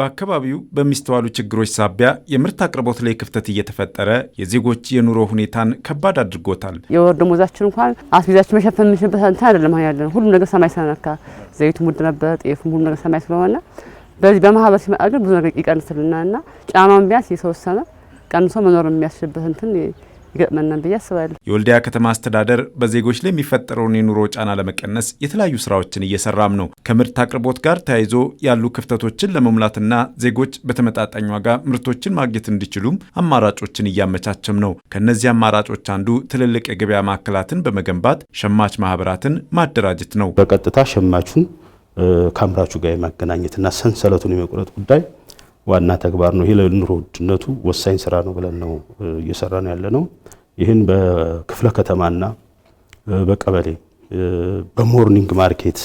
በአካባቢው በሚስተዋሉ ችግሮች ሳቢያ የምርት አቅርቦት ላይ ክፍተት እየተፈጠረ የዜጎች የኑሮ ሁኔታን ከባድ አድርጎታል። የወር ደሞዛችን እንኳን አስቤዛችን መሸፈን የምንችልበት እንትን አይደለም ያለን። ሁሉም ነገር ሰማይ ስለነካ ዘይቱም ውድ ነበር፣ ጤፉም ሁሉም ነገር ሰማይ ስለሆነ በዚህ በማህበር ሲመጣ ግን ብዙ ነገር ይቀንስልናልና ጫማን ቢያንስ የተወሰነ ቀንሶ መኖር የሚያስችልበት እንትን ይገጥመናል ብዬ አስባለሁ። የወልዲያ ከተማ አስተዳደር በዜጎች ላይ የሚፈጠረውን የኑሮ ጫና ለመቀነስ የተለያዩ ስራዎችን እየሰራም ነው። ከምርት አቅርቦት ጋር ተያይዞ ያሉ ክፍተቶችን ለመሙላትና ዜጎች በተመጣጣኝ ዋጋ ምርቶችን ማግኘት እንዲችሉም አማራጮችን እያመቻቸም ነው። ከእነዚህ አማራጮች አንዱ ትልልቅ የገበያ ማዕከላትን በመገንባት ሸማች ማህበራትን ማደራጀት ነው። በቀጥታ ሸማቹን ከአምራቹ ጋር የማገናኘትና ሰንሰለቱን የመቁረጥ ጉዳይ ዋና ተግባር ነው። ይሄ ለኑሮ ውድነቱ ወሳኝ ስራ ነው ብለን ነው እየሰራ ነው ያለ ነው። ይህን በክፍለ ከተማና በቀበሌ በሞርኒንግ ማርኬት፣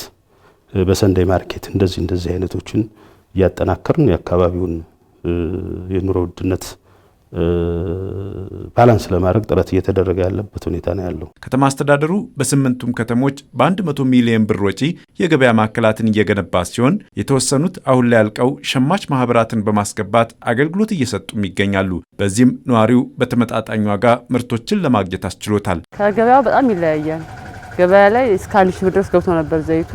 በሰንዳይ ማርኬት እንደዚህ እንደዚህ አይነቶችን እያጠናከርን የአካባቢውን የኑሮ ውድነት ባላንስ ለማድረግ ጥረት እየተደረገ ያለበት ሁኔታ ነው ያለው። ከተማ አስተዳደሩ በስምንቱም ከተሞች በ100 ሚሊዮን ብር ወጪ የገበያ ማዕከላትን እየገነባ ሲሆን የተወሰኑት አሁን ላይ ያልቀው ሸማች ማህበራትን በማስገባት አገልግሎት እየሰጡም ይገኛሉ። በዚህም ነዋሪው በተመጣጣኝ ዋጋ ምርቶችን ለማግኘት አስችሎታል። ከገበያው በጣም ይለያያል። ገበያ ላይ እስከ አንድ ሺህ ብር ድረስ ገብቶ ነበር ዘይቱ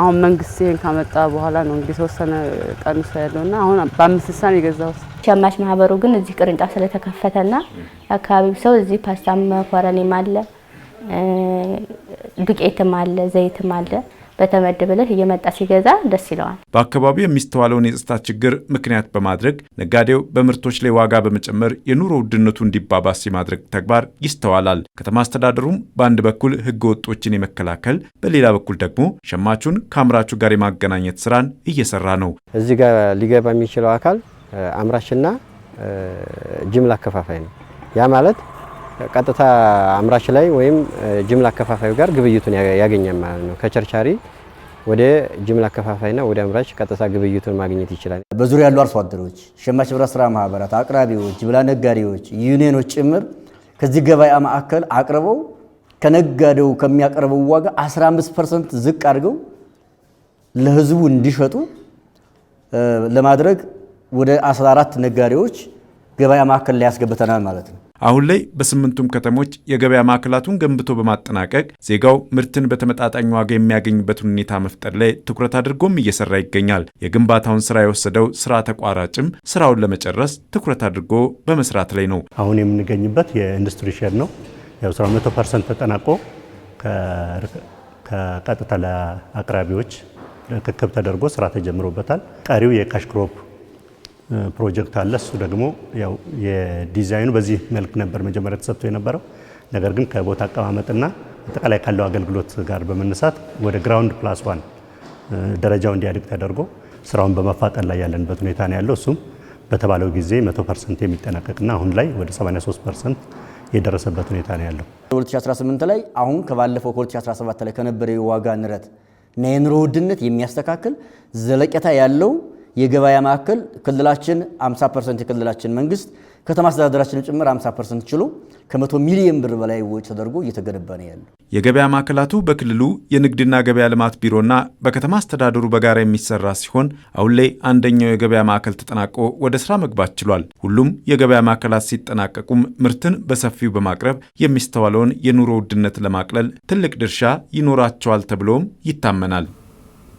አሁን መንግስት ይሄን ካመጣ በኋላ ነው እንግዲህ የተወሰነ ቀንሶ ያለውና አሁን በአምስት ሳን የገዛሁት። ሸማች ማህበሩ ግን እዚህ ቅርንጫፍ ስለተከፈተና አካባቢው ሰው እዚህ ፓስታ መኮረኒም አለ፣ ዱቄትም አለ፣ ዘይትም አለ በተመድ እየመጣ ሲገዛ ደስ ይለዋል። በአካባቢው የሚስተዋለውን የጸጥታ ችግር ምክንያት በማድረግ ነጋዴው በምርቶች ላይ ዋጋ በመጨመር የኑሮ ውድነቱ እንዲባባስ የማድረግ ተግባር ይስተዋላል። ከተማ አስተዳደሩም በአንድ በኩል ህገ ወጦችን የመከላከል በሌላ በኩል ደግሞ ሸማቹን ከአምራቹ ጋር የማገናኘት ስራን እየሰራ ነው። እዚህ ጋር ሊገባ የሚችለው አካል አምራችና ጅምላ አከፋፋይ ነው። ያ ማለት ቀጥታ አምራች ላይ ወይም ጅምላ አከፋፋዩ ጋር ግብይቱን ያገኛል ማለት ነው። ከቸርቻሪ ወደ ጅምላ አከፋፋይና ወደ አምራች ቀጥታ ግብይቱን ማግኘት ይችላል። በዙሪያ ያሉ አርሶ አደሮች፣ ሸማች ህብረት ስራ ማህበራት፣ አቅራቢዎች፣ ጅምላ ነጋዴዎች፣ ዩኒየኖች ጭምር ከዚህ ገበያ ማዕከል አቅርበው ከነጋዴው ከሚያቀርበው ዋጋ 15% ዝቅ አድርገው ለህዝቡ እንዲሸጡ ለማድረግ ወደ 14 ነጋዴዎች ገበያ ማዕከል ላይ ያስገብተናል ማለት ነው። አሁን ላይ በስምንቱም ከተሞች የገበያ ማዕከላቱን ገንብቶ በማጠናቀቅ ዜጋው ምርትን በተመጣጣኝ ዋጋ የሚያገኝበትን ሁኔታ መፍጠር ላይ ትኩረት አድርጎም እየሰራ ይገኛል። የግንባታውን ስራ የወሰደው ስራ ተቋራጭም ስራውን ለመጨረስ ትኩረት አድርጎ በመስራት ላይ ነው። አሁን የምንገኝበት የኢንዱስትሪ ሼድ ነው። ያው ስራ መቶ ፐርሰንት ተጠናቆ ከቀጥታ ለአቅራቢዎች ርክክብ ተደርጎ ስራ ተጀምሮበታል። ቀሪው የካሽክሮፕ ፕሮጀክት አለ። እሱ ደግሞ ያው የዲዛይኑ በዚህ መልክ ነበር መጀመሪያ ተሰጥቶ የነበረው። ነገር ግን ከቦታ አቀማመጥና አጠቃላይ ካለው አገልግሎት ጋር በመነሳት ወደ ግራውንድ ፕላስ ዋን ደረጃው እንዲያድግ ተደርጎ ስራውን በመፋጠን ላይ ያለንበት ሁኔታ ነው ያለው። እሱም በተባለው ጊዜ 100 ፐርሰንት የሚጠናቀቅና አሁን ላይ ወደ 83 ፐርሰንት የደረሰበት ሁኔታ ነው ያለው። 2018 ላይ አሁን ከባለፈው 2017 ላይ ከነበረ የዋጋ ንረት እና የኑሮ ውድነት የሚያስተካክል ዘለቄታ ያለው የገበያ ማዕከል ክልላችን 50 ፐርሰንት የክልላችን መንግስት ከተማ አስተዳደራችን ጭምር 50 ፐርሰንት ችሎ ከመቶ ሚሊዮን ብር በላይ ወጪ ተደርጎ እየተገነባ ነው ያለው። የገበያ ማዕከላቱ በክልሉ የንግድና ገበያ ልማት ቢሮና በከተማ አስተዳደሩ በጋራ የሚሰራ ሲሆን አሁን ላይ አንደኛው የገበያ ማዕከል ተጠናቆ ወደ ስራ መግባት ችሏል። ሁሉም የገበያ ማዕከላት ሲጠናቀቁም ምርትን በሰፊው በማቅረብ የሚስተዋለውን የኑሮ ውድነት ለማቅለል ትልቅ ድርሻ ይኖራቸዋል ተብሎም ይታመናል።